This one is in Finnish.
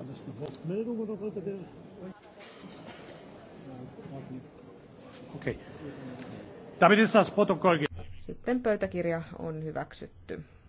War das eine Wortmeldung oder Sitten pöytäkirja on hyväksytty.